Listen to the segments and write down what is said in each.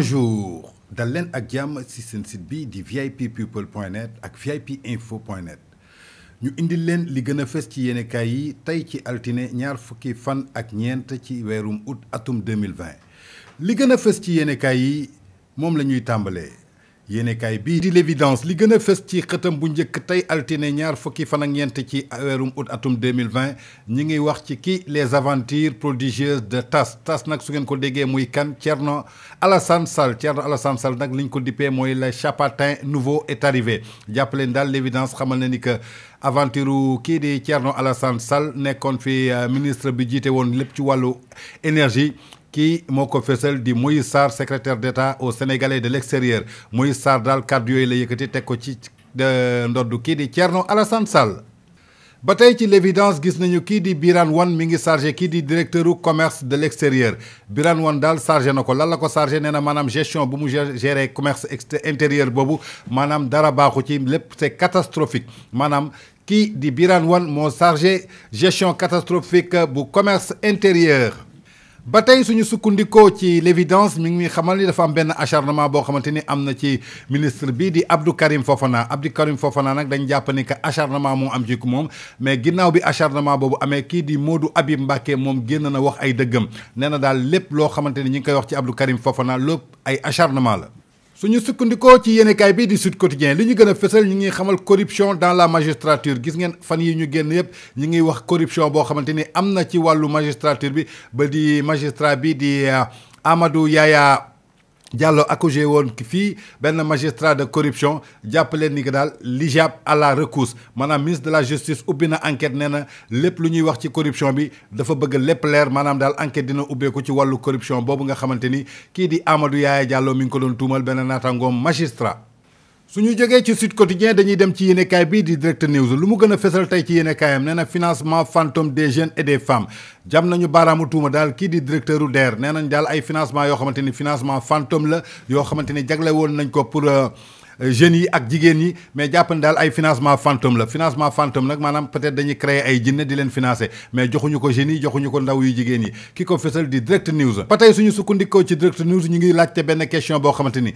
bonjour dal leen ak jàmm ci seen site bi di VIPPeople.net people point net ak vip ñu indil leen li gëna fess fës ci yéenekaay yi tay ci altiné ñaar fukki fan ak ñent ci weerum août atum 2020 li gëna fess fës ci yéenekaay yi mom lañuy tambalé kay y di l'évidence a ci bu ñaar fan ak ci 2020 les aventures prodigieuses de Tass Tass nak su ko déggé muy kan Alassane Sall Alassane Sall le Chapatin nouveau est arrivé y y l'évidence xamal na ni que Alassane Sall fi euh, ministre bi jité won lepp ci énergie qui moko fessel di Moïse Sar secrétaire d'État au Sénégalais de l'extérieur Moïse Sar Dal Cardio, yooyu la yëkkati teg ko ci ndoddu ki di Thierno Alassane Sall. batay ci l'évidence gis nañu ki di Biran Wan mi ngi chargé di directeur du commerce de l'extérieur Biran Wan Dal chargé nako lan la ko chargé na gestion bu mu gérer commerce intérieur Bobu, manam dara baxu ci lépp c'est catastrophique manam qui di Biran Wan mo chargé gestion catastrophique bu commerce intérieur. ba tey suñu sukkandikoo ci l'évidence mi ngi xamal ni dafa am benn acharnement boo xamante ni am na ci ministre bi di Abdou Karim Fofana Abdou Karim Fofana nag dañ jàpp ni que acharnement moo am ci ku moom mais ginnaaw bi acharnement boobu amee kii di Modou abi Mbacké moom génn na wax ay dëggam nee na daal lépp loo xamante ni ñi ngi koy wax ci Abdou Karim Fofana lépp ay acharnement la suñu sukkandikoo ci yene kay bi di Sud Quotidien li ñu gën a fësal ñu ngi xamal corruption dans la magistrature gis ngeen fan yi ñu génn yépp ñu ngi wax corruption boo xamante ni am na ci wàllu magistrature bi ba di magistrat bi di euh, Amadou Yaya Diallo accusé ki fi ben magistrat de corruption jàppale ni lija l'IJAP à la recours madame ministre de la justice ubbi na enquête nee lepp lépp lu ñuy wax ci corruption bi dafa bëgg lepp leer manam dal enquête dina ko ci walu corruption bobu nga xamanteni ki di Amadou Yaya Diallo mi ngi ko don tumal ben natangom magistrat. suñu jegee ci Sud Quotidien dañuy dem ci yéenekaay bii di Direct News lu mu gën a fesal tey ci yéenekaayam nee na financement fantôme des jeunes et des femmes jam nañu baaraamu tuuma daal kii di directeur u deer nee nañ daal ay financement yoo xamante ni financement fantôme la yoo xamante ni jagle woon nañ ko pour euh, Euh, jeunes yi ak mais il y ay financement fantôme la financement fantôme nak peut-être dañuy créer ay di mais joxuñu ko jeunes yi joxuñu ko ndaw yu jigéen yi kiko direct news patay suñu sukkandikoo ci direct news ñi ngi laajte ben question bo xamanteni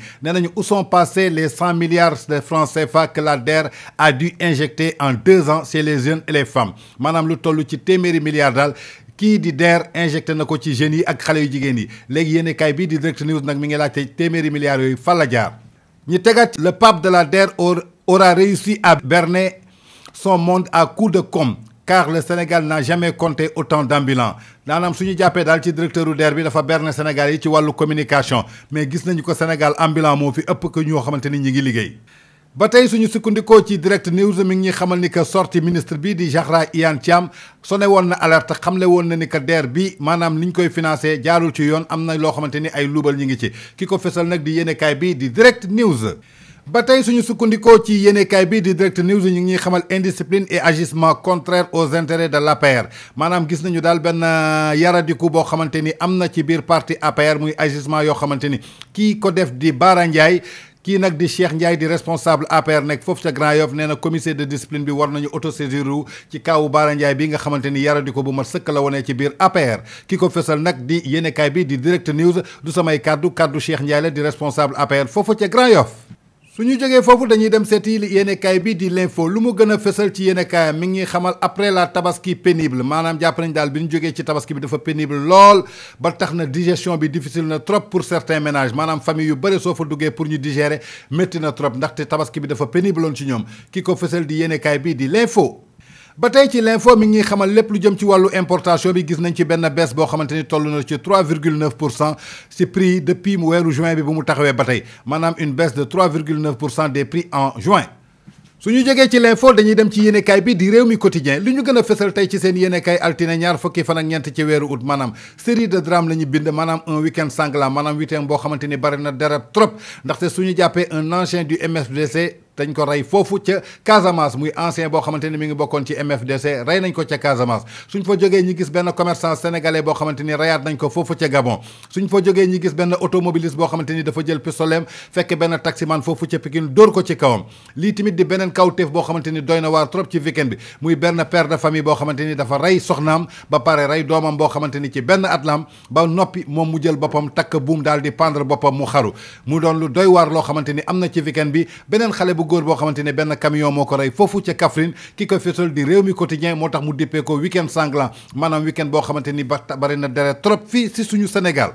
où sont passés les 100 milliards de francs CFA que la DER a dû injecter en deux ans chez les jeunes et les femmes Mme lu tollu ci milliards dal di DER injecté nako ci jeunes yi ak yu yi direct news nak mi ngi milliards la jaar le pape de la DER aura réussi à berner son monde à coups de com car le Sénégal n'a jamais compté autant d'ambulants maanaam suñu jappé dal ci directeur la DER bi dafa berner Sénégal yi ci la communication mais gis nañu ko Sénégal ambulant mo fi ëpp que ñoo xamanteni ñi ngi liggéey ba tey suñu sukkandikoo ci direct news mi ngi ñuy xamal ni que sorti ministre bi di Zahra Iyane Thiam sone woon na alerte xamle woon na ni que DER bi maanaam liñ koy financé jaarul ci yoon am na loo xamante ni ay luubal ñi ngi ci ki ko fesal nag di yéenekaay bi di direct news. ba tey suñu sukkandikoo ci yéenekaay bi di direct news ñu ngi ñuy xamal indiscipline et agissement contraire aux intérêts de l'APR maanaam gis nañu daal benn euh, yaradiku boo xamante ni am na ci biir parti APR muy agissement yoo xamante ni kii ko def di Bara Ndiaye kii nag di Cheikh Ndiaye di responsable APR nekk foofu ca Grand Yoff nee na commissaire de discipline bi war nañu autosaisir ci kaawu Baara Ndiaye bi nga xamante ni yaradi ko bu ma sëkk la wonee ci biir APR ki ko fesal nag di yéenekaay bi di direct news du samay kàddu kaddu Cheikh Ndiaye la di responsable APR foofu ca Grand Yoff suñu jógee foofu dañuy dem seeti bi di l'info lu mu gën a fësal après la tabaski pénible maanaam jàpp nañ tabaski bi pénible lool ba digestion est difficile trop pour certains ménages Madame, famille yu bëri soo pour ñu digérer métti na trop ndaxte tabaski bi dafa pénible On ci ñoom ki ko fësal l'info ba tey ci l'info mi ngi xamal lépp lu jëm ci wàllu importation bi gis nañ ci benn baisse boo xamante ni toll ci 3,9 pour ci prix depuis mu weeru juin bi bu mu taxawee ba tey maanaam une baisse de 3,9 pour cent des prix en juin. suñu ñu jógee ci l'info dañuy dem ci yéenekaay bi di réew mi quotidien li ñu gën a fësal tey ci seen yéenekaay altine ñaar fukki fan ak ñeent ci weeru août maanaam série de drame la ñu bind maanaam un week-end sanglant maanaam week boo xamante ni na dara trop ndaxte su jàppee un ancien du MSDC. dañ ko rey foofu ca Casamance muy ancien boo xamante ni mi ngi bokkoon ci MFDC rey nañ ko ca Casamance suñ fa jógee ñi gis benn commerçant sénégalais boo xamante ni reyaat nañ ko foofu ca Gabon suñ fa jógee ñi gis benn automobiliste boo xamante ni dafa jël pistoleem fekk benn taximan foofu ca Pikine dóor ko ci kawam lii tamit di beneen kawtéef boo xamante ni doy na waar trop ci weekend bi muy benn père de famille boo xamante ni dafa rey soxnaam ba par rey doomam boo xamante ni ci benn at lam ba noppi moom mu jël boppam takk buum daal di pendre boppam mu xaru mu doon lu doy waar loo xamante ni am na ci weekend bi beneen xale Il y a un camion qui ko rey ca le di quotidien moo mu week-end sanglant week-end trop fi si suñu Sénégal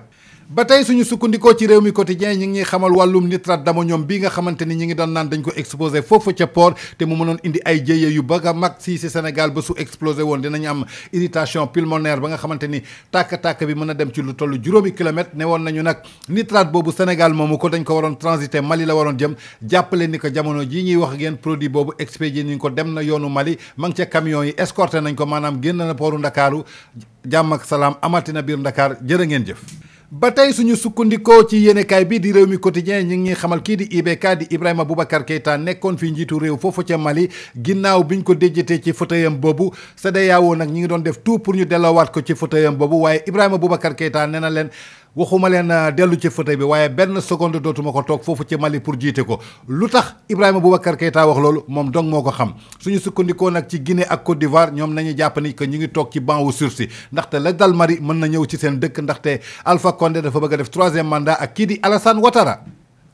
ba tey suñu sukkandikoo ci réew mi quotidien ñi ngi xamal wàllum nitrate ñoom bi nga xamante ni ñi ngi doon naan dañ ko exposé foofu ca port te mu mënoon indi ay jéye yu bëgg a mag si si Sénégal ba su explosé woon dinañ am irritation pulmonaire ba nga xamante ni tàkk-tàkk bi mën a dem ci lu toll juróomi kilomètre ne woon nañu nag nitrate boobu Sénégal moomu ko dañ ko waroon transité Mali la waroon jëm jàppale ni ko jamono jii ñuy wax ngeen produit boobu expédié ni ko dem na yoonu Mali ma ngi ca yi escorté nañ ko maanaam génn na pooru Ndakaaru jàmm ak salaam amatina biir Ndakaar jërë ngeen jëf ba tey suñu sukkandikoo ci yéenekaay bi di réew mi quotidien ñi ngi xamal kii di IBK di Ibrahima Boubacar Keïta nekkoon fi njiitu réew foofu ca Mali ginnaaw ñu ko déjjatee ci fauteuilam boobu CEDEAO nag ñi ngi doon def tout pour ñu delloowaat ko ci fauteuilam boobu waaye Ibrahima Boubacar Keïta nee na leen waxuma leen euh, dellu ci fauteuil bi waaye benn seconde dootuma ko toog foofu ci Mali pour jiite ko lu tax Ibrahima Boubacar taa wax loolu moom dong moo ko xam suñu sukkandikoo nag ci Guinée ak Côte d'Ivoire ñoom nañu jàpp ni que ñu ngi toog ci banc wu sursis ndaxte la dal Mali mën na ñëw ci seen dëkk ndaxte Alpha Condé dafa bëgg a def troisième mandat ak kii di Alassane Ouattara.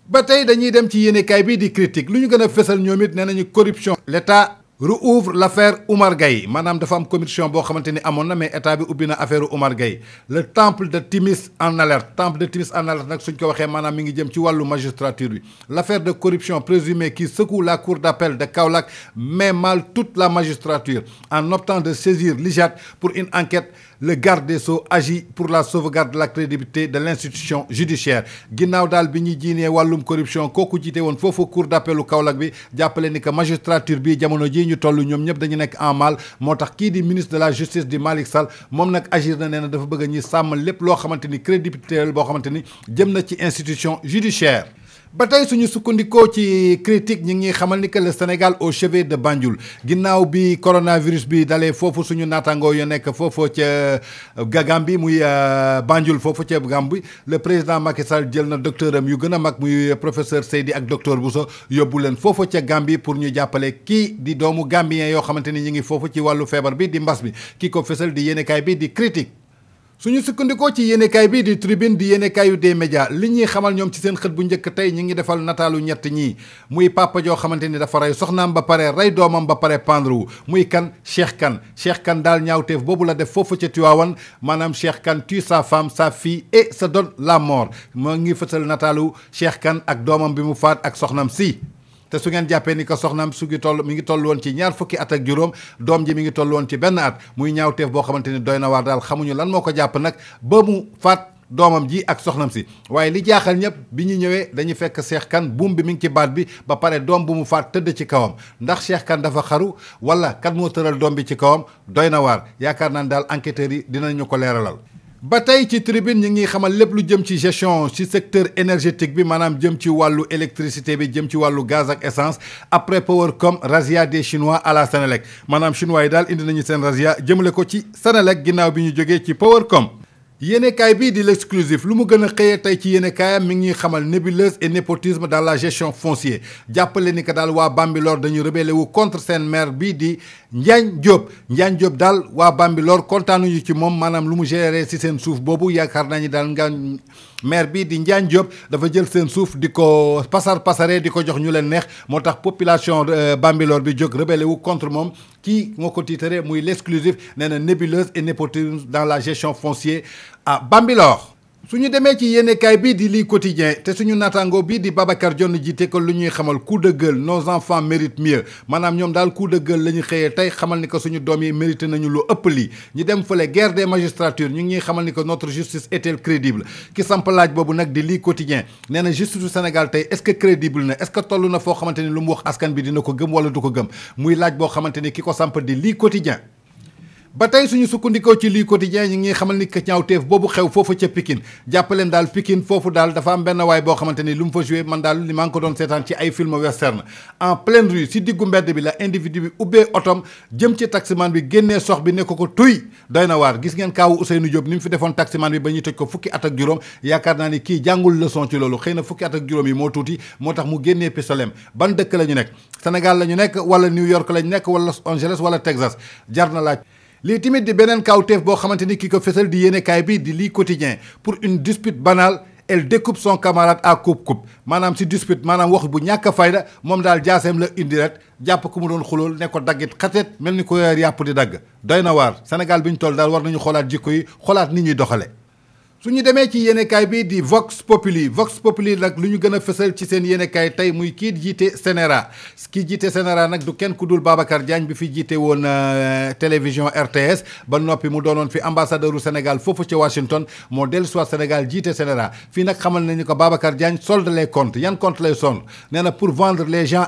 ba tey dañuy dem ci yéenekaay bii di critique lu ñu gën a fësal ñoom it nee nañu corruption l'État rouvre l'affaire Oumar Gaye. Madame dafa am commission comment xamante à mon na mais état bi ubbi affaire Oumar Gaye. le temple de Timis en alerte temple de Timis en alerte nag suñ ko waxee maanaam mi ngi jëm ci magistrature L'affaire de corruption présumée qui secoue la cour d'appel de Kaolack met mal toute la magistrature en optant de saisir l'IJAT pour une enquête le garde des Sceaux agit pour la sauvegarde de la crédibilité de l'institution judiciaire ginnaaw dal biñu jiné walum corruption kooku jité won fofu cour d' appelu Kaolack bi jàppale ni que magistrature bi jamono ji ñu tollu ñom ñep dañu nek en mal motax ki di ministre de la justice du Malik Sall mom nak agir na néna dafa bëgg ñi sàmm lépp lo xamanteni crédibilité boo xamanteni jëm na ci institution judiciaire ba tey suñu sukkandikoo ci critique ñi ngi xamal ni que le Sénégal au chevet de Banjul ginnaaw bi coronavirus bi dalee foofu suñu naataangoo yoo nekk foofu ca euh, Gàmbi muy euh, Banjul foofu ca Gàmbi le président Macky Sall jël na docteur am yu gën a mag muy euh, professeur Seydi ak docteur so yóbbu leen foofu ca Gàmbi pour ñu jàppale kii di doomu Gambien yoo xamante ni ñu ngi foofu ci wàllu feebar bi di mbas bi ki ko fësal di yéenekaay bi di critique suñu sukkandikoo ci yéenekaay bii di tribune di yéenekaayu des médias li ñuy xamal ñoom ci seen xët bu njëkk tey ñi ngi defal nataalu ñett ñii muy papa joo xamante ni dafa rey soxnaam ba pare rey doomam ba pare pendre wu muy kan Cheikh kan Cheikh kan daal ñaawteef boobu la def foofu ca Tiwaawan maanaam Cheikh Kane tu sa femme sa fille et se donne la mort ngi fësal nataalu Cheikh kan ak doomam bi mu faat ak soxnaam si te su ngeen jàppee ni ko soxnaam su ngi toll mi ngi toll woon ci ñaar fukki at ak juróom doom ji mi ngi toll woon ci benn at muy ñaawteef boo xamante ni doy na waar daal xamuñu lan moo ko jàpp nag ba mu faat doomam ji ak soxnam si waaye li jaaxal ñëpp bi ñu ñëwee dañu fekk Cheikh kan buum bi mi ngi ci baat bi ba pare doom bu mu faat tëdd ci kawam ndax Cheikh kan dafa xaru wala kat moo tëral doom bi ci kawam doy na waar yaakaar naan daal enquêteurs yi dinañu ko leeralal ba tey ci tribune ñi ngi xamal lépp lu jëm ci gestion ci secteur énergétique bi maanaam jëm ci wàllu électricité bi jëm ci wàllu gaz ak essence après Powercom razzia des chinois à la Senelec maanaam chinois yi daal indi nañu seen razzia jëmale ko ci Senelec ginnaaw bi ñu jógee ci Powercom kay bi di l'exclusif lu mu gën a xëyee tey ci yéenekaayam mi ngi xamal nébuleuse et népotisme dans la gestion foncière jàppale ni que daal waa Bambilor dañu rebelle wu contre seen maire bi di Njaañ Diop Njaañ Diop daal waa Bambilor kontaanuñu ci moom maanaam lu mu gérer ci seen suuf boobu yaakaar nañu daal nga maire di Njaañ Diop dafa jël seen suuf di ko pasar pasare di ko jox ñu leen neex moo tax population euh, Bambilor bi jóg rebelle wu contre moom qui ont côté l'exclusif l'exclusive la nébuleuse et népotisme dans la gestion foncière à Bambilor su ñu demee ci yéenekaay bii di lii quotidien te suñu naataango bii di Babacar Dione jiite ko lu ñuy xamal coup de gueule nos enfants méritent mieux maanaam ñoom daal coup de gueule la ñu xëyee tey xamal ni ko suñu doom yi mérité nañu lu ëpp lii ñu dem fële guerre des magistratures ñu ngi ñuy xamal ni ko notre justice est-elle crédible ki samp laaj boobu nag di lii quotidien nee na justice u Sénégal tey est-ce que crédible na est-ce toll na foo xamante ni lu mu wax askan bi dina ko gëm wala du ko gëm laaj boo xamante ni ki ko samp di lii quotidien ba tey suñu sukkandikoo ci lii quotidien ñi ngi xamal ni que ñaawteef boobu xew foofu ca Pikine jàppaleen daal Pikine foofu daal dafa am benn waay boo xamante ni lu mu fa joué man daal li maa ngi ko doon seetaan ci ay film western en pleine rue si diggu mbedd bi la individu bi ubbee otom jëm ci taximan bi génnee sox bi nekk ko ko tuy doy na waar gis ngeen kaawu Ousseynou Diop ni mu fi defoon taximan bi ba ñuy tëj ko fukki at ak juróom yaakaar naa ni kii jàngul leçon ci na fukki at ak juróom yi moo tuuti moo tax mu génnee pistolem ban dëkk la ñu nekk Sénégal la ñu nekk wala New York la ñu nekk wala Los wala Texas jar na laaj lii tamit di beneen kawteef boo xamante ni ki ko fesal di bi di lii quotidien pour une dispute banale elle découpe son camarade à coupe-coupe maanaam si dispute maanaam wax bu ñàkk fayda moom daal jaaseem la indi rek jàpp ku mu doon xulool ne ko daggit xatet mel ni ko yàpp di dagg doy na waar Sénégal bi toll daal war nañu xoolaat jikko yi xoolaat nit doxale suñu démé ci Kai bi di Vox Populi Vox Populi nak luñu gëna fessel ci seen tay muy ki jité Sénéra Qui jité Sénéra nak bi fi euh, télévision RTS ba nopi mu donon fi ambassadeur Sénégal Washington mo Sénégal jité Sénéra xamal nañu ko Babacar les comptes yan pour vendre les gens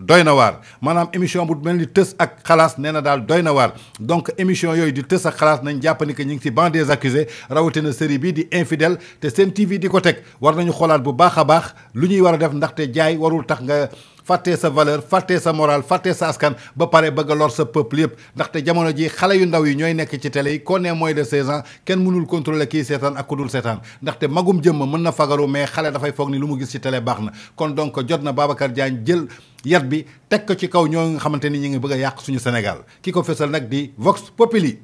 doy na waar maanaam émission bu mel ni tës ak xalaas nee na daal doy na waar donc émission yooyu di tës ak xalaas nañ jàpp ni que ñu ngi ci banc des accusés rawatina série bii di infidèle te seen TV di ko teg war nañu xoolaat bu baax a baax lu ñuy war a def ndaxte jaay warul tax nga fàttee sa valeur fàttee sa morale fàttee sa askan ba pare bëgg a lor sa peuple yëpp ndaxte jamono ji xale yu ndaw yi ñooy nekk ci télé yi koo nee moins de 16 ans kenn mënul contrôler kii seetaan ak ku dul seetaan ndaxte magum mën na fagaru mais xale dafay foog ni lu mu gis ci télé baax na kon donc jot na Babacar Diagne jël yat bi teg ko ci kaw ñoo nga xamante ni ñu ngi bëgg a yàq suñu Sénégal ki ko fesal nag di Vox Populi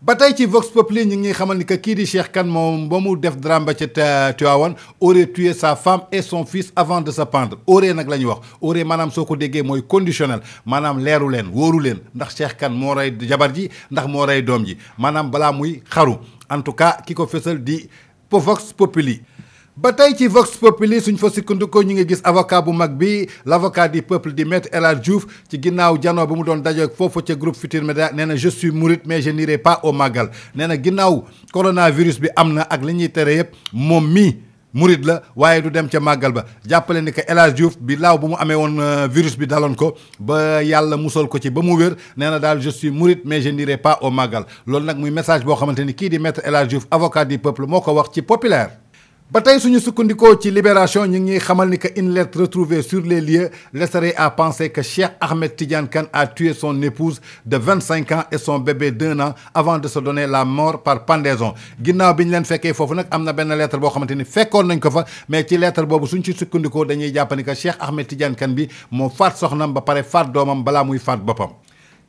ba tey ci Vox Populi ñu ngi xamal ni que kii di Cheikh kan moom ba mu def drame ca Tivaouane aurait tué sa femme et son fils avant de se pendre aurait nag la ñuy wax aurait maanaam soo ko déggee mooy conditionnel maanaam leeru leen wóoru leen ndax Cheikh Kane moo rey jabar ji ndax moo rey doom ji maanaam balaa muy xaru en tout cas ki ko fesal di Vox Populi Bataille qui ci Vox Populi suñ fa sukkandikoo Magbi, ngi gis avocat bu mag bi du peuple di maître El Hadj Diouf ci ginnaaw janoo bi mu doon groupe Futur Média je suis mouride mais je n'irai pas au Magal nee na coronavirus bi amna, ak li ñuy tere magalba. moom mii la waye du dem ba ni bi bu mu euh, virus bi dalon ko ba yalla musal ko ci ba mu wër néna dal je suis mouride mais je n'irai pas au Magal lool nak muy message bo xamanteni ki di maître El avocat du peuple moko wax ci populaire ba tey suñu sukkandikoo ci libération ñu ngi xamal ni que une lettre retrouvée sur les lieux laisserait à penser que Cheikh Ahmed Tidiane Kan a tué son épouse de 25 ans et son bébé d'un an avant de se donner la mort par pendaison ginnaaw bi ñu leen fekkee foofu nag am na benn lettre boo xamante ni fekkoon nañ ko fa mais ci lettre boobu suñ ci sukkandikoo dañuy jàpp ni que Cheikh Ahmed Tidiane Kan bi moo faat soxnam ba pare faat doomam balaa muy faat boppam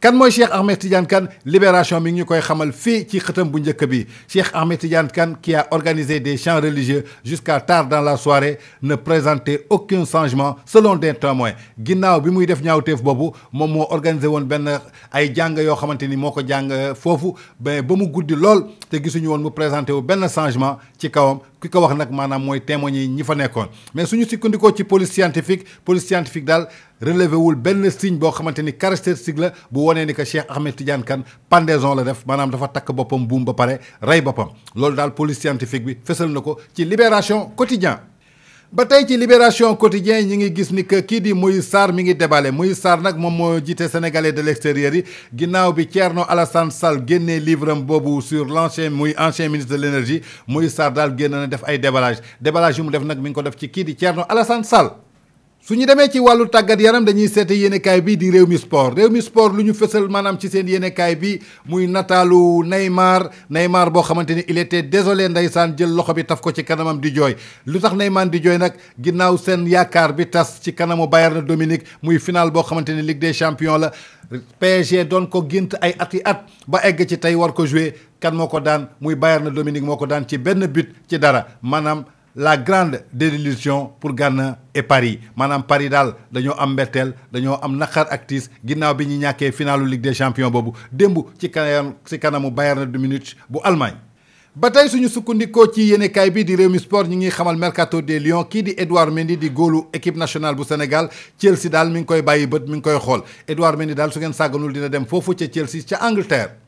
kan mooy Cheikh Ahmed Tidiane Kane libération mi ngi ñu koy xamal fii ci xëtam bu njëkk bi Cheikh Ahmed Tidiane Kane qui a organisé des chants religieux jusqu'à tard dans la soirée ne présentait aucun changement selon des témoins ginnaaw bi muy def ñaawteef boobu moom moo organisé woon benn ay jàng yoo xamante ni moo ko jàng foofu ben ba mu guddi lool te gisuñu woon mu présenté wu benn changement ci kawam ki wax nak mais suñu police scientifique police scientifique dal relevé wul le signe bo xamanteni caractéristique la bu ni que Cheikh Ahmed Tidiane kan def dafa ray police scientifique bi fessel Libération Quotidien ba tey ci libération quotidien ñu ngi gis ni que kii di muy Sarr mi ngi débale muy Sarr nag moom moo jiite sénégalais de l'extérieur yi ginnaaw bi Thierno Alassane Sall génnee livre am boobu sur l'ancien muy ancien ministre de l'énergie Moïse Sarr daal génn na def ay déballage déballage yu mu def nag mi ngi ko def ci kii di Thierno Alassane Sall su ñu demee ci wàllu tàggat yaram dañuy seete yéenekaay bi di réew mi sport réew mi sport lu ñu fësal maanaam ci seen yenekaay bi muy nataalu Neymar Neymar boo xamante ni il était désolé ndeysaan jël loxo bi taf ko ci kanamam di jooy lu tax Neymar di jooy nag ginnaaw seen yaakaar bi tas ci kanamu Bayern Dominique muy final boo xamante ni Ligue des champions la PSG doon ko gént ay ati at ba egg ci tey war ko jouer kan moo ko daan muy Bayern Dominique moo ko daan ci benn but ci dara maanaam la grande désillusion pour Ghana et Paris Madame Paris daal dañoo am mbetteel dañoo am naqar ak tiis ginnaaw bi ñu ñàkkee finalu Ligue des champions boobu démb ci kanam Bayern de Munich bu Allemagne. ba tey suñu sukkandikoo ci kay bi di Rémi Sport ñi ngi xamal mercato des Lions ki di Edouard Mendy di Golu équipe nationale bu Sénégal Chelsea dal mi ngi koy bayyi beut mi ngi koy xol Edouard Mendy dal su ngeen dina dem fofu ci Chelsea ci Angleterre.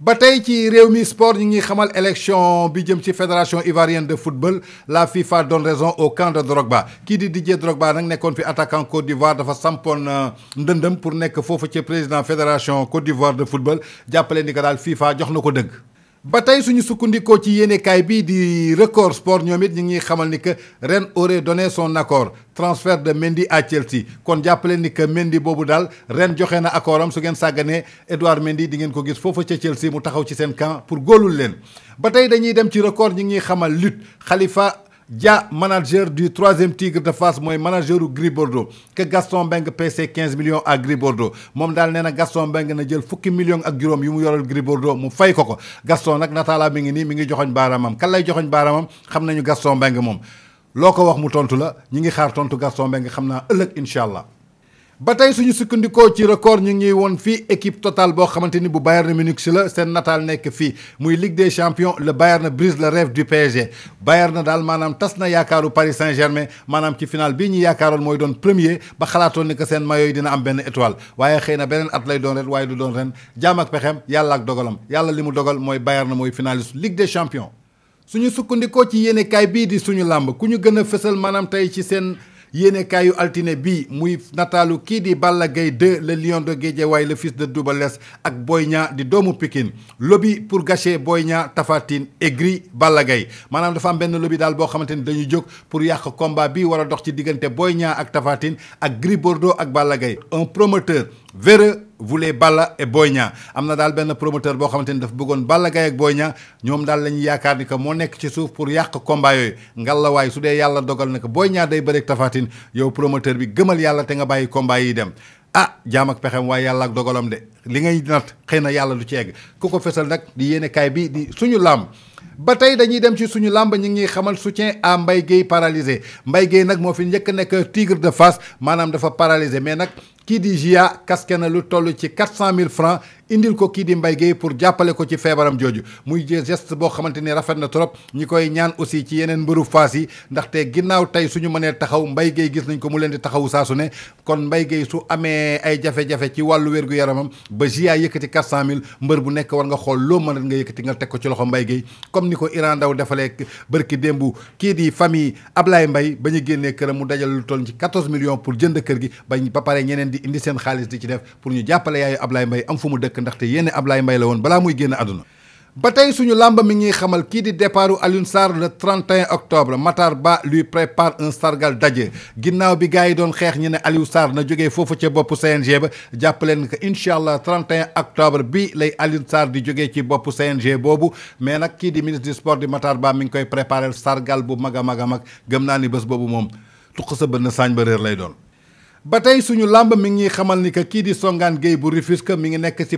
Bataille qui réunit réew sport ñi ngi xamal élection bi jëm fédération ivoirienne de football la FIFA donne raison au camp de Drogba Qui di DJ Drogba nag nekkoon fi attaquant Côte d'Ivoire dafa sampoon euh, ndëndëm pour nekk foofu ci président fédération Côte d'Ivoire de football jàppale ni ko FIFA jox na ba tey suñu sukkandikoo ci yéenekaay bii di record sport ñoom it ñu ngi xamal ni que Rennes aurait donné son accord transfert de Mendy à Chelsea kon jàppale ni que Mendy boobu daal ren joxe na accord su ngeen sàgganee Edouard Mendy di ngeen ko gis foofa ca Chelsea mu taxaw ci seen camp pour góolul leen ba tey dañuy dem ci record ñu ngi xamal lut xalifa le manager du troisième tigre de face, manager manager Gris Bordeaux que Gaston paye ses 15 millions à Gris Bordeaux Gaston Beng na jël millions à yoral Gris Bordeaux fay Gaston nak nataala mi ngi mi ngi joxoñ baramam, kan lay Gaston Beng mom. Loko wax mu Gaston Beng, ba tey suñu sukkandikoo ci record ñu ngi woon fii équipe totale boo xamante ni bu Bayern Munich la seen natal nekk fii muy Ligue des champions le Bayern brise le rêve du PSG Bayern daal maanaam tas na yaakaaru Paris Saint-Germain maanaam ci final bi ñu yaakaaroon mooy doon premier ba xalaatoon ni que seen maillot dina am benn étoile waaye xëy na beneen at lay doon ren waaye du doon ren jaam ak pexem yàlla ak dogalam yàlla li mu dogal mooy Bayern mooy finaliste Ligue des champions. suñu sukkandikoo ci yéenekaay bii di suñu lamb ku ñu gën a fësal maanaam tey ci seen. Kayou altine bi muy natalu Kidi di Balla 2 le lion de Guédiawaye le fils de Double ak boynia di lobby pour gâcher boynia tafatine et gri aigri Balla de maanaam dafa am ben lobby dal bo de dañu pour yak combat bi wara dox ci diggante et Bordeaux ak Balla un promoteur véreux voulait Balla et Boy Niang am na daal benn promoteur boo xamante ni dafa bëggoon Balla Gaye ak Boy Niang ñoom daal la yaakaar ni que moo nekk ci suuf pour yàq combat yooyu ngallaawaay su dee yàlla dogal na ko Boy Niang day bëreeg Tapha Tine yow promoteur bi gëmal yàlla te nga bàyyi combat yi dem. ah jaam ak pexem waaye yàlla ak dogalam de li ngay nat xëy na yàlla du ci egg ku ko fesal nag di yéene kaay bi di suñu làmb. ba tey dañuy dem ci suñu làmb ñi ngi xamal soutien à Mbaye Guèye paralysé Mbaye Guèye nag moo fi njëkk nekk tigre de fas maanaam dafa paralysé mais nag kii di GIA casque na lu toll ci quatre cent mille francs indil ko kii di Mbaye Guèye pour jàppale ko ci feebaram jooju muy geste boo xamante ni rafet na trop ñi koy ñaan aussi ci yeneen mbëru faas yi ndaxte ginnaaw tey suñu mënee taxaw mbay Guèye gis nañ ko mu leen di taxawu saa su ne kon mbay Guèye amee ay jafe ci wàllu wérgu yaramam ba GIA yëkkati quatre cent mille mbër bu nekk war nga xool loo mën nga yëkkati nga teg ko ci loxo Mbaye Guèye comme ni ko Iran Ndaw defalee bërki démb kii di famille Ablaye Mbaye ba ñu génnee këram mu dajal lu toll ci 14 millions pour jënd kër gi bañ ba pare ñeneen di indi seen xaalis di ci def pour ñu jàppale yaayu Ablaye Mbaye am fu mu dëkk ndaxte yéene Ablaye Mbaye la woon balaa muy génn àdduna ba tey suñu làmb mi ngi xamal kii di départu Alioune sar le 31 octobre Matar lui prépare un sargal daje ginnaaw bi gars yi doon xeex ñu ne Aliou sar na jógee foofu ca boppu CNG ba jàpp leen que allah 31 octobre bi lay Alioune sar di jógee ci boppu CNG boobu mais nag kii di ministre du sport di Matarba Ba mi ngi koy sargal bu mag a mag a mag gëm naa ni bés boobu moom tuq lay doon ba tey suñu lamb mi ngi xamal ni que kii di Songane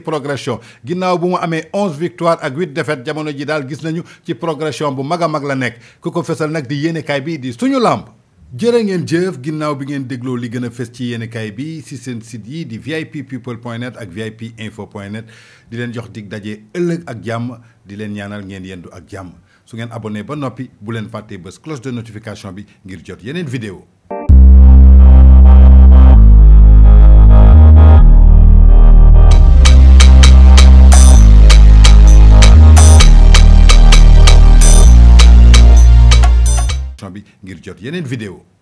progression ginnaaw bu mu amee onze victoires ak 8 défaites jamono ji gis nañu ci progression bu mag a mag la nekk ku fesal nag di yéenekaay bi di suñu lamb jërë ngeen jëf ginnaaw bi ngeen dégloo li gën a bi si site di vip people point net ak vip info point net di leen jox dig daje ëllëg ak jàmm di ñaanal ngeen yendu ak su ngeen abonné ba bu cloche de notification bi ngir jot yeneen vidéo bi ngir jot yeneen vidéo